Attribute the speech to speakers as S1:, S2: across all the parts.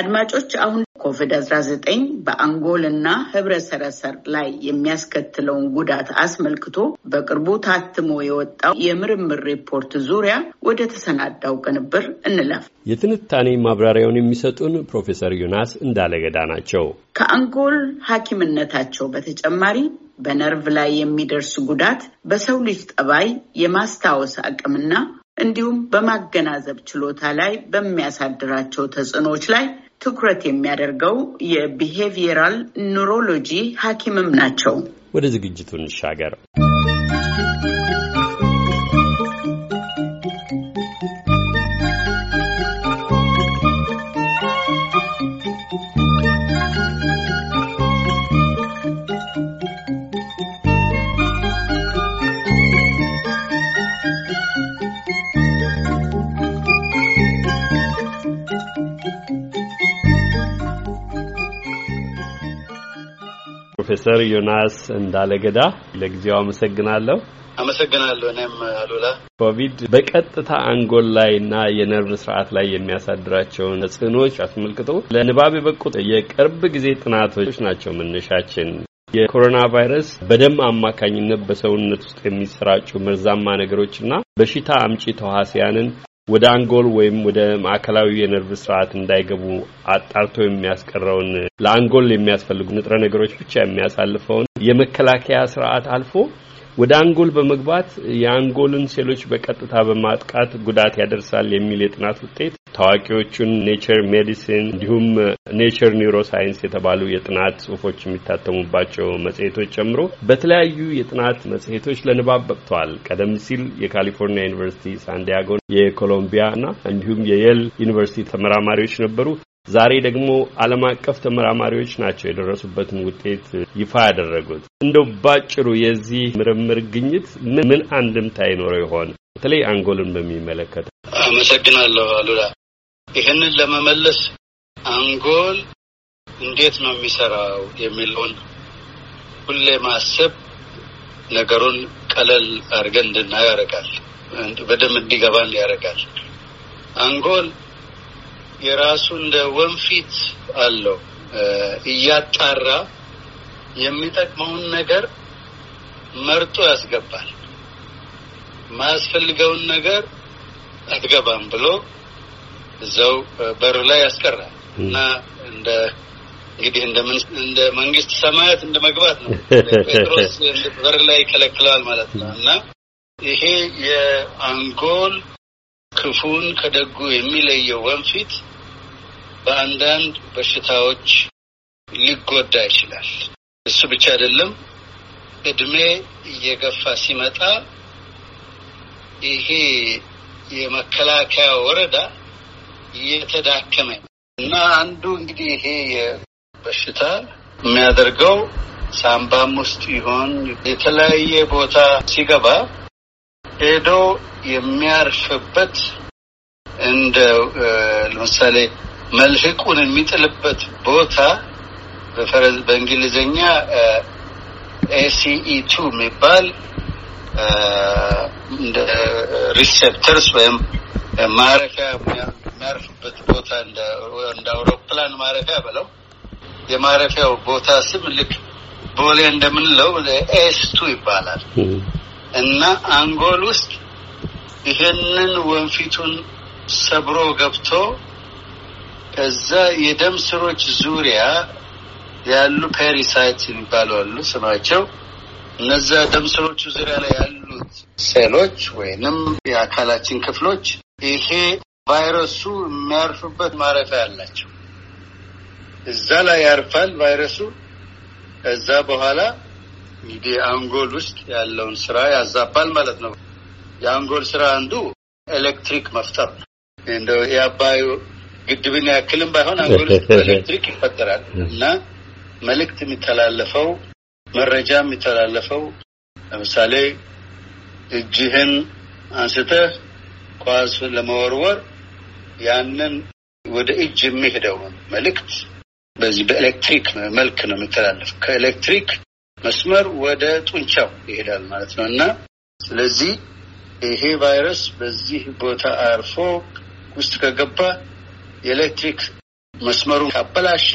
S1: አድማጮች አሁን ኮቪድ አስራ ዘጠኝ በአንጎል እና ህብረ ሰረሰር ላይ የሚያስከትለውን ጉዳት አስመልክቶ በቅርቡ ታትሞ የወጣው የምርምር ሪፖርት ዙሪያ ወደ ተሰናዳው ቅንብር እንለፍ።
S2: የትንታኔ ማብራሪያውን የሚሰጡን ፕሮፌሰር ዮናስ እንዳለገዳ ናቸው።
S1: ከአንጎል ሐኪምነታቸው በተጨማሪ በነርቭ ላይ የሚደርስ ጉዳት በሰው ልጅ ጠባይ የማስታወስ አቅምና እንዲሁም በማገናዘብ ችሎታ ላይ በሚያሳድራቸው ተጽዕኖዎች ላይ ትኩረት የሚያደርገው የቢሄቪየራል ኑሮሎጂ ሐኪምም ናቸው።
S2: ወደ ዝግጅቱ እንሻገር። ፕሮፌሰር ዮናስ እንዳለገዳ ለጊዜው አመሰግናለሁ።
S1: አመሰግናለሁ። እኔም አሉላ
S2: ኮቪድ በቀጥታ አንጎል ላይ እና የነርቭ ስርዓት ላይ የሚያሳድራቸውን ተጽዕኖዎች አስመልክቶ ለንባብ የበቁት የቅርብ ጊዜ ጥናቶች ናቸው መነሻችን። የኮሮና ቫይረስ በደም አማካኝነት በሰውነት ውስጥ የሚሰራጩ መርዛማ ነገሮችና በሽታ አምጪ ተዋሲያንን ወደ አንጎል ወይም ወደ ማዕከላዊ የነርቭ ስርዓት እንዳይገቡ አጣርቶ የሚያስቀረውን ለአንጎል የሚያስፈልጉ ንጥረ ነገሮች ብቻ የሚያሳልፈውን የመከላከያ ስርዓት አልፎ ወደ አንጎል በመግባት የአንጎልን ሴሎች በቀጥታ በማጥቃት ጉዳት ያደርሳል የሚል የጥናት ውጤት ታዋቂዎቹን ኔቸር ሜዲሲን እንዲሁም ኔቸር ኒውሮሳይንስ ሳይንስ የተባሉ የጥናት ጽሁፎች የሚታተሙባቸው መጽሄቶች ጨምሮ በተለያዩ የጥናት መጽሄቶች ለንባብ በቅተዋል። ቀደም ሲል የካሊፎርኒያ ዩኒቨርሲቲ ሳንዲያጎን፣ የኮሎምቢያ እና እንዲሁም የየል ዩኒቨርሲቲ ተመራማሪዎች ነበሩ። ዛሬ ደግሞ ዓለም አቀፍ ተመራማሪዎች ናቸው የደረሱበትን ውጤት ይፋ ያደረጉት። እንደው ባጭሩ የዚህ ምርምር ግኝት ምን አንድምታ ይኖረው ይሆን? በተለይ አንጎልን በሚመለከት።
S1: አመሰግናለሁ አሉላ። ይህንን ለመመለስ አንጎል እንዴት ነው የሚሰራው የሚለውን ሁሌ ማሰብ ነገሩን ቀለል አድርገን እንድናየው ያደርጋል። በደንብ እንዲገባን ያደርጋል። አንጎል የራሱ እንደ ወንፊት አለው እያጣራ የሚጠቅመውን ነገር መርጦ ያስገባል። የማያስፈልገውን ነገር አትገባም ብሎ እዛው በሩ ላይ ያስቀራል እና እንደ እንግዲህ እንደ መንግስት ሰማያት እንደ መግባት ነው። ጴጥሮስ በር ላይ ይከለክለዋል ማለት ነው እና ይሄ የአንጎል ክፉን ከደጉ የሚለየው ወንፊት በአንዳንድ በሽታዎች ሊጎዳ ይችላል። እሱ ብቻ አይደለም። እድሜ እየገፋ ሲመጣ ይሄ የመከላከያ ወረዳ እየተዳከመ እና አንዱ እንግዲህ ይሄ በሽታ የሚያደርገው ሳምባም ውስጥ ይሆን የተለያየ ቦታ ሲገባ ሄዶ የሚያርፍበት እንደ ለምሳሌ መልህቁን የሚጥልበት ቦታ በእንግሊዝኛ ኤሲኢ ቱ የሚባል እንደ ሪሴፕተርስ ወይም ማረፊያ የሚያርፍበት ቦታ እንደ አውሮፕላን ማረፊያ ብለው የማረፊያው ቦታ ስም ልክ ቦሌ እንደምንለው ኤስ ቱ ይባላል እና አንጎል ውስጥ ይህንን ወንፊቱን ሰብሮ ገብቶ ከዛ የደም ስሮች ዙሪያ ያሉ ፔሪሳይት የሚባሉ አሉ ስማቸው። እነዛ ደም ስሮቹ ዙሪያ ላይ ያሉት ሴሎች ወይንም የአካላችን ክፍሎች ይሄ ቫይረሱ የሚያርፍበት ማረፊያ አላቸው። እዛ ላይ ያርፋል ቫይረሱ። ከዛ በኋላ እንግዲህ አንጎል ውስጥ ያለውን ስራ ያዛባል ማለት ነው። የአንጎል ስራ አንዱ ኤሌክትሪክ መፍጠር ነው። እንደው የአባዩ ግድብን ያክልም ባይሆን አገር ውስጥ ኤሌክትሪክ ይፈጠራል እና መልእክት የሚተላለፈው መረጃ የሚተላለፈው ለምሳሌ እጅህን አንስተህ ኳስ ለመወርወር ያንን ወደ እጅ የሚሄደው መልእክት በዚህ በኤሌክትሪክ መልክ ነው የሚተላለፍ። ከኤሌክትሪክ መስመር ወደ ጡንቻው ይሄዳል ማለት ነው እና ስለዚህ ይሄ ቫይረስ በዚህ ቦታ አርፎ ውስጥ ከገባ የኤሌክትሪክ መስመሩ ካበላሸ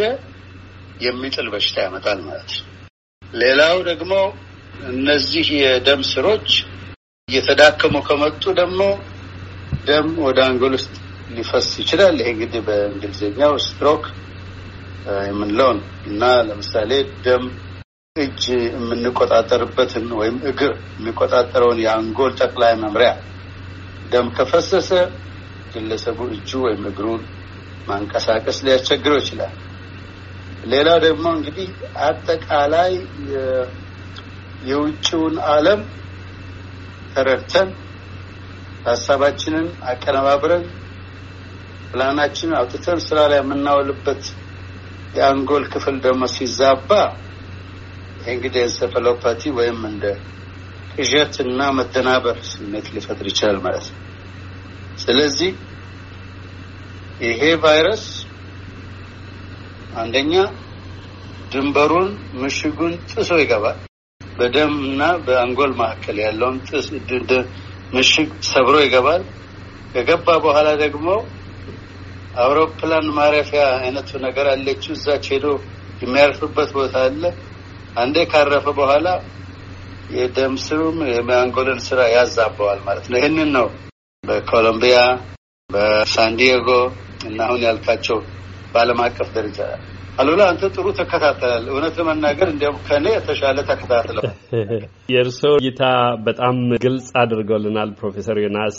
S1: የሚጥል በሽታ ያመጣል ማለት ነው። ሌላው ደግሞ እነዚህ የደም ስሮች እየተዳከሙ ከመጡ ደግሞ ደም ወደ አንጎል ውስጥ ሊፈስ ይችላል። ይሄ እንግዲህ በእንግሊዝኛው ስትሮክ የምንለው ነው እና ለምሳሌ ደም እጅ የምንቆጣጠርበትን ወይም እግር የሚቆጣጠረውን የአንጎል ጠቅላይ መምሪያ ደም ከፈሰሰ ግለሰቡ እጁ ወይም እግሩን ማንቀሳቀስ ሊያስቸግረው ይችላል። ሌላው ደግሞ እንግዲህ አጠቃላይ የውጭውን ዓለም ተረድተን ሀሳባችንን አቀነባብረን ፕላናችንን አውጥተን ስራ ላይ የምናውልበት የአንጎል ክፍል ደግሞ ሲዛባ እንግዲህ ኤንሴፋሎፓቲ ወይም እንደ ቅዠት እና መደናበር ስሜት ሊፈጥር ይችላል ማለት ነው። ስለዚህ ይሄ ቫይረስ አንደኛ ድንበሩን ምሽጉን ጥሶ ይገባል። በደም እና በአንጎል መካከል ያለውን ምሽግ ሰብሮ ይገባል። ከገባ በኋላ ደግሞ አውሮፕላን ማረፊያ አይነቱ ነገር አለችው። እዛች ሄዶ የሚያርፍበት ቦታ አለ። አንዴ ካረፈ በኋላ የደም ስሩም የአንጎልን ስራ ያዛበዋል ማለት ነው። ይህንን ነው በኮሎምቢያ በሳንዲየጎ እና አሁን ያልካቸው በዓለም አቀፍ ደረጃ አሉላ አንተ ጥሩ ተከታተላል። እውነት ለመናገር እንዲያውም ከእኔ የተሻለ ተከታትለው
S2: የእርስዎ እይታ በጣም ግልጽ አድርገውልናል ፕሮፌሰር ዮናስ።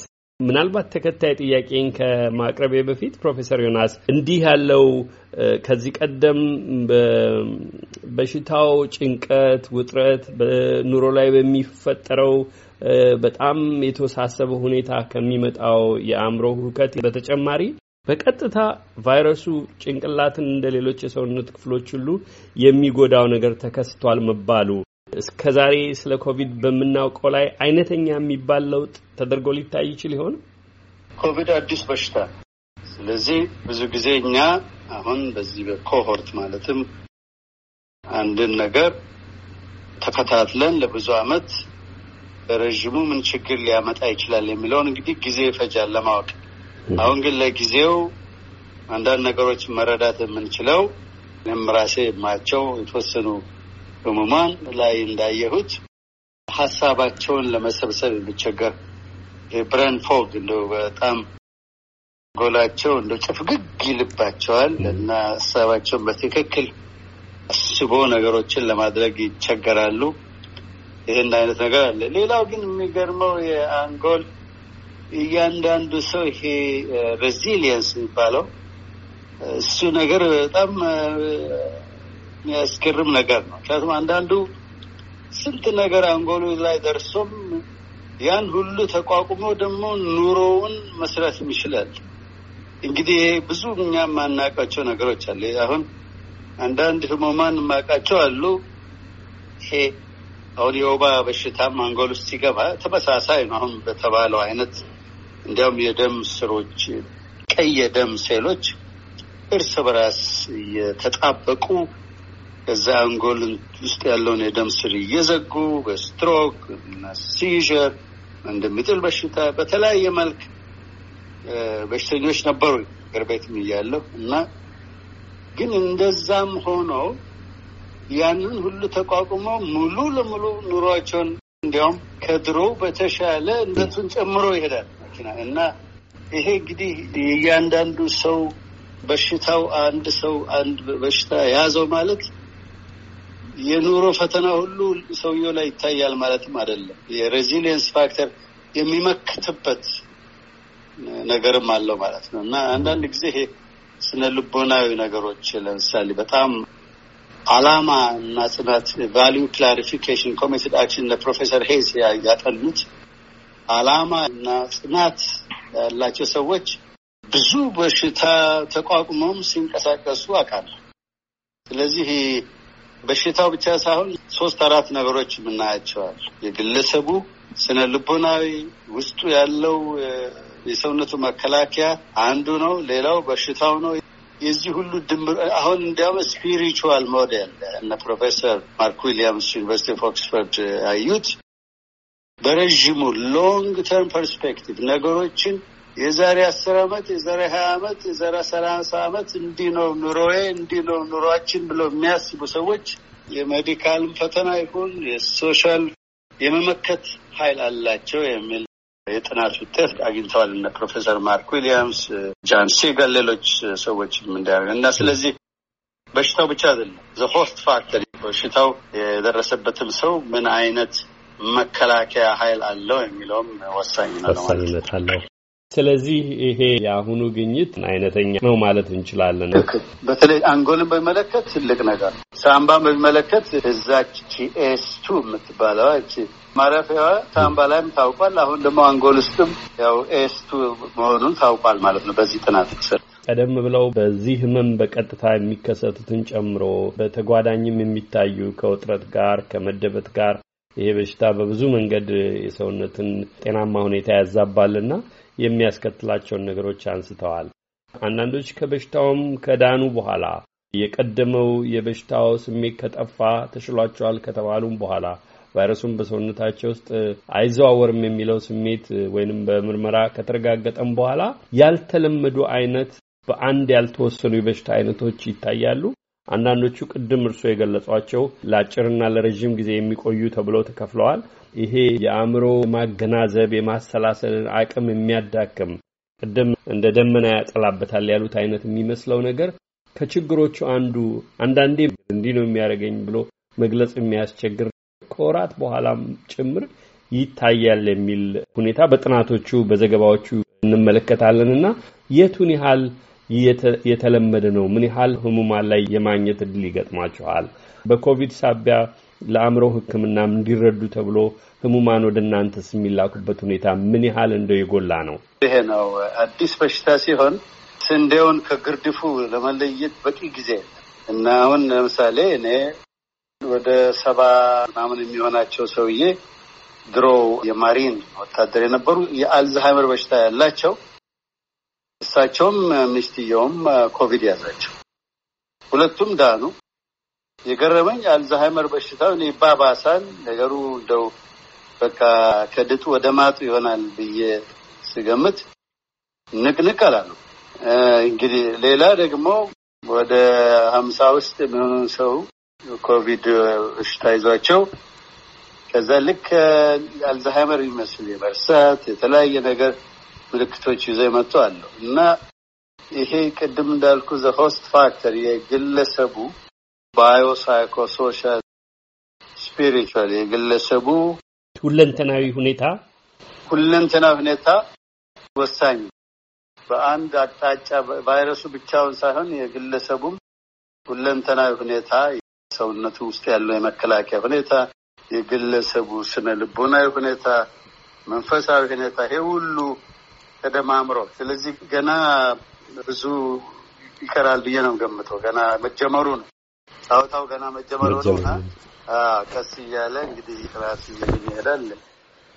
S2: ምናልባት ተከታይ ጥያቄን ከማቅረቤ በፊት ፕሮፌሰር ዮናስ እንዲህ ያለው ከዚህ ቀደም በሽታው ጭንቀት፣ ውጥረት በኑሮ ላይ በሚፈጠረው በጣም የተወሳሰበ ሁኔታ ከሚመጣው የአእምሮ ሁከት በተጨማሪ በቀጥታ ቫይረሱ ጭንቅላትን እንደ ሌሎች የሰውነት ክፍሎች ሁሉ የሚጎዳው ነገር ተከስቷል መባሉ እስከ ዛሬ ስለ ኮቪድ በምናውቀው ላይ አይነተኛ የሚባል ለውጥ ተደርጎ ሊታይ ይችል ይሆን?
S1: ኮቪድ አዲስ በሽታ። ስለዚህ ብዙ ጊዜ እኛ አሁን በዚህ በኮሆርት ማለትም አንድን ነገር ተከታትለን ለብዙ አመት በረዥሙ ምን ችግር ሊያመጣ ይችላል የሚለውን እንግዲህ ጊዜ ይፈጃል ለማወቅ አሁን ግን ለጊዜው አንዳንድ ነገሮች መረዳት የምንችለው እኔም ራሴ ማቸው የተወሰኑ ህሙማን ላይ እንዳየሁት ሀሳባቸውን ለመሰብሰብ የሚቸገር ብረን ፎግ እንደ በጣም ጎላቸው እንደ ጭፍግግ ይልባቸዋል እና ሀሳባቸውን በትክክል አስቦ ነገሮችን ለማድረግ ይቸገራሉ። ይህን አይነት ነገር አለ። ሌላው ግን የሚገርመው የአንጎል እያንዳንዱ ሰው ይሄ ሬዚሊየንስ የሚባለው እሱ ነገር በጣም የሚያስገርም ነገር ነው። ምክንያቱም አንዳንዱ ስንት ነገር አንጎሉ ላይ ደርሶም ያን ሁሉ ተቋቁሞ ደግሞ ኑሮውን መስራት ይችላል። እንግዲህ ይሄ ብዙ እኛ የማናውቃቸው ነገሮች አለ። አሁን አንዳንድ ህሙማን የማውቃቸው አሉ። ይሄ አሁን የወባ በሽታም አንጎል ውስጥ ሲገባ ተመሳሳይ ነው። አሁን በተባለው አይነት እንዲያውም የደም ስሮች ቀይ የደም ሴሎች እርስ በራስ እየተጣበቁ ከዛ አንጎል ውስጥ ያለውን የደም ስር እየዘጉ በስትሮክ እና ሲዥር እንደሚጥል በሽታ በተለያየ መልክ በሽተኞች ነበሩ እግር ቤትም እያለሁ እና ግን እንደዛም ሆኖ ያንን ሁሉ ተቋቁሞ ሙሉ ለሙሉ ኑሯቸውን እንዲያውም ከድሮ በተሻለ እንደቱን ጨምሮ ይሄዳል። ነው እና ይሄ እንግዲህ እያንዳንዱ ሰው በሽታው አንድ ሰው አንድ በሽታ የያዘው ማለት የኑሮ ፈተና ሁሉ ሰውየው ላይ ይታያል ማለትም አይደለም። የሬዚሊየንስ ፋክተር የሚመክትበት ነገርም አለው ማለት ነው እና አንዳንድ ጊዜ ይሄ ስነ ልቦናዊ ነገሮች ለምሳሌ በጣም አላማ እና ጽናት ቫሊዩ ክላሪፊኬሽን ኮሚትድ አክሽን ለፕሮፌሰር ሄይስ ያጠኑት አላማ እና ጽናት ያላቸው ሰዎች ብዙ በሽታ ተቋቁመውም ሲንቀሳቀሱ አውቃለሁ። ስለዚህ በሽታው ብቻ ሳይሆን ሶስት አራት ነገሮች የምናያቸዋል። የግለሰቡ ስነ ልቦናዊ ውስጡ ያለው የሰውነቱ መከላከያ አንዱ ነው። ሌላው በሽታው ነው። የዚህ ሁሉ ድምር አሁን እንዲያውም ስፒሪቹዋል ሞዴል እነ ፕሮፌሰር ማርክ ዊሊያምስ ዩኒቨርሲቲ ኦፍ ኦክስፎርድ አዩት። በረዥሙ ሎንግ ተርም ፐርስፔክቲቭ ነገሮችን የዛሬ አስር አመት የዛሬ ሀያ አመት የዛሬ ሰላሳ አመት እንዲህ ነው ኑሮዬ እንዲህ ነው ኑሯችን ብለው የሚያስቡ ሰዎች የሜዲካልም ፈተና ይሁን የሶሻል የመመከት ኃይል አላቸው የሚል የጥናት ውጤት አግኝተዋል። እነ ፕሮፌሰር ማርክ ዊሊያምስ፣ ጃን ሲገል ሌሎች ሰዎች እንዳያደርግ እና ስለዚህ በሽታው ብቻ አይደለም ዘ ሆስት ፋክተር በሽታው የደረሰበትም ሰው ምን አይነት መከላከያ ኃይል አለው የሚለውም ወሳኝነት
S2: ወሳኝነት አለው። ስለዚህ ይሄ የአሁኑ ግኝት አይነተኛ ነው ማለት እንችላለን።
S1: በተለይ አንጎልን በሚመለከት ትልቅ ነገር፣ ሳምባን በሚመለከት እዛች ኤስቱ እቺ ማረፊያ ሳምባ ላይም ታውቋል። አሁን ደግሞ አንጎል ውስጥም ያው ኤስቱ መሆኑን ታውቋል ማለት ነው በዚህ ጥናት ስር
S2: ቀደም ብለው በዚህ ህመም በቀጥታ የሚከሰቱትን ጨምሮ በተጓዳኝም የሚታዩ ከውጥረት ጋር ከመደበት ጋር ይሄ በሽታ በብዙ መንገድ የሰውነትን ጤናማ ሁኔታ ያዛባልና የሚያስከትላቸውን ነገሮች አንስተዋል። አንዳንዶች ከበሽታውም ከዳኑ በኋላ የቀደመው የበሽታው ስሜት ከጠፋ ተሽሏቸዋል ከተባሉም በኋላ ቫይረሱን በሰውነታቸው ውስጥ አይዘዋወርም የሚለው ስሜት ወይንም በምርመራ ከተረጋገጠም በኋላ ያልተለመዱ አይነት በአንድ ያልተወሰኑ የበሽታ አይነቶች ይታያሉ። አንዳንዶቹ ቅድም እርስዎ የገለጿቸው ለአጭርና ለረዥም ጊዜ የሚቆዩ ተብለው ተከፍለዋል። ይሄ የአእምሮ ማገናዘብ የማሰላሰልን አቅም የሚያዳክም ቅድም እንደ ደመና ያጠላበታል ያሉት አይነት የሚመስለው ነገር ከችግሮቹ አንዱ አንዳንዴ እንዲህ ነው የሚያደርገኝ ብሎ መግለጽ የሚያስቸግር ከወራት በኋላም ጭምር ይታያል የሚል ሁኔታ በጥናቶቹ በዘገባዎቹ እንመለከታለን እና የቱን ያህል የተለመደ ነው? ምን ያህል ህሙማን ላይ የማግኘት እድል ይገጥማችኋል? በኮቪድ ሳቢያ ለአእምሮ ህክምናም እንዲረዱ ተብሎ ህሙማን ወደ እናንተስ የሚላኩበት ሁኔታ ምን ያህል እንደው የጎላ ነው?
S1: ይሄ ነው አዲስ በሽታ ሲሆን ስንዴውን ከግርድፉ ለመለየት በቂ ጊዜ እና አሁን ለምሳሌ እኔ ወደ ሰባ ምናምን የሚሆናቸው ሰውዬ ድሮ የማሪን ወታደር የነበሩ የአልዝሃይመር በሽታ ያላቸው እሳቸውም ሚስትየውም ኮቪድ ያዛቸው። ሁለቱም ዳኑ። የገረመኝ አልዛሃይመር በሽታ ይባባሳል ነገሩ እንደው በቃ ከድጡ ወደ ማጡ ይሆናል ብዬ ስገምት ንቅንቅ አላሉ። እንግዲህ ሌላ ደግሞ ወደ ሀምሳ ውስጥ የሚሆኑ ሰው ኮቪድ በሽታ ይዟቸው ከዛ ልክ አልዛሃይመር የሚመስል የመርሳት የተለያየ ነገር ምልክቶች ይዞ የመጡ አለው እና ይሄ ቅድም እንዳልኩ ዘ ሆስት ፋክተር የግለሰቡ ባዮሳይኮ ሶሻል ስፒሪቹዋል የግለሰቡ
S2: ሁለንተናዊ ሁኔታ
S1: ሁለንተናዊ ሁኔታ ወሳኝ በአንድ አቅጣጫ ቫይረሱ ብቻውን ሳይሆን የግለሰቡም ሁለንተናዊ ሁኔታ ሰውነቱ ውስጥ ያለው የመከላከያ ሁኔታ፣ የግለሰቡ ስነ ልቦናዊ ሁኔታ፣ መንፈሳዊ ሁኔታ ይሄ ሁሉ ተደማምሮ ስለዚህ ገና ብዙ ይቀራል ብዬ ነው ገምተው። ገና መጀመሩ ነው ጫወታው ገና መጀመሩ ነውና ቀስ እያለ እንግዲህ ራሱ ይሄዳል።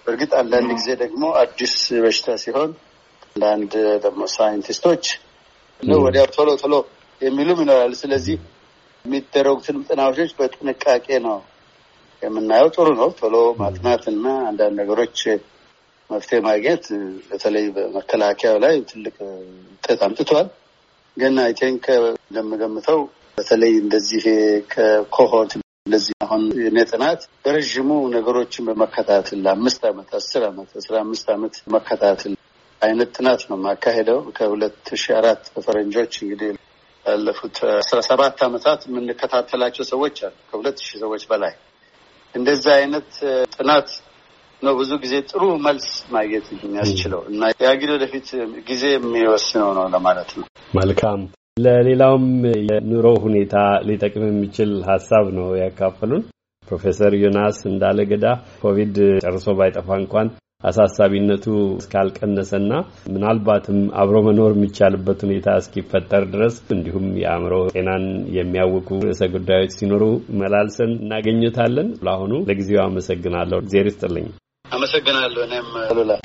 S1: በእርግጥ አንዳንድ ጊዜ ደግሞ አዲስ በሽታ ሲሆን አንዳንድ ደግሞ ሳይንቲስቶች ወዲያው ቶሎ ቶሎ የሚሉም ይኖራል። ስለዚህ የሚደረጉትን ጥናቶች በጥንቃቄ ነው የምናየው። ጥሩ ነው ቶሎ ማጥናት እና አንዳንድ ነገሮች መፍትሄ ማግኘት በተለይ በመከላከያ ላይ ትልቅ ውጤት አምጥቷል። ግን አይ ቲንክ እንደምገምተው በተለይ እንደዚህ ከኮሆርት እንደዚህ አሁን የኔ ጥናት በረዥሙ ነገሮችን በመከታተል ለአምስት ዓመት አስር ዓመት አስራ አምስት ዓመት መከታተል አይነት ጥናት ነው የማካሄደው ከሁለት ሺ አራት በፈረንጆች እንግዲህ ባለፉት አስራ ሰባት ዓመታት የምንከታተላቸው ሰዎች አሉ ከሁለት ሺህ ሰዎች በላይ እንደዚህ አይነት ጥናት ነው ብዙ ጊዜ ጥሩ መልስ ማግኘት የሚያስችለው እና ያ ወደፊት ጊዜ የሚወስነው ነው ለማለት ነው።
S2: መልካም ለሌላውም የኑሮ ሁኔታ ሊጠቅም የሚችል ሀሳብ ነው ያካፈሉን ፕሮፌሰር ዮናስ እንዳለ ገዳ ኮቪድ ጨርሶ ባይጠፋ እንኳን አሳሳቢነቱ እስካልቀነሰና ምናልባትም አብሮ መኖር የሚቻልበት ሁኔታ እስኪፈጠር ድረስ እንዲሁም የአእምሮ ጤናን የሚያውቁ ርዕሰ ጉዳዮች ሲኖሩ መላልሰን እናገኘታለን። ለአሁኑ ለጊዜው አመሰግናለሁ። እግዜር ይስጥልኝ።
S1: አመሰግናለሁ። እኔም አሉላ